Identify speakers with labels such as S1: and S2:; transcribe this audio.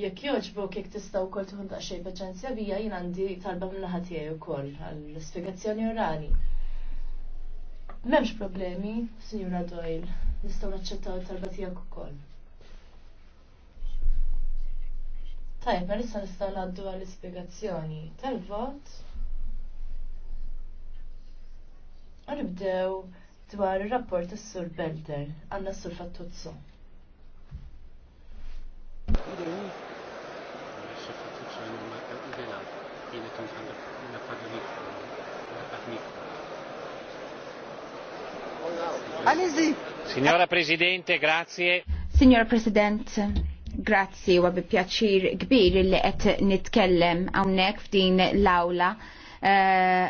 S1: jekk joġbok jekk kol wkoll ta' xej paċenzja bija jien għandi talba ħatijaj tiegħi kol għall-ispjegazzjoni orali. M'hemmx problemi, Sinjura Doyle, nistgħu naċċettaw it-talba tiegħek ukoll. Tajb, ma issa nistgħu ngħaddu għall-ispjegazzjoni tal-vot. Nibdew dwar ir-rapport tas-Sur Belder, għandna s-Sur Fattuzzo.
S2: Signora Presidente, grazie.
S3: Signora President, grazzi u għabbi pjaċir kbir li għet nitkellem hawnhekk f'din l-awla eh,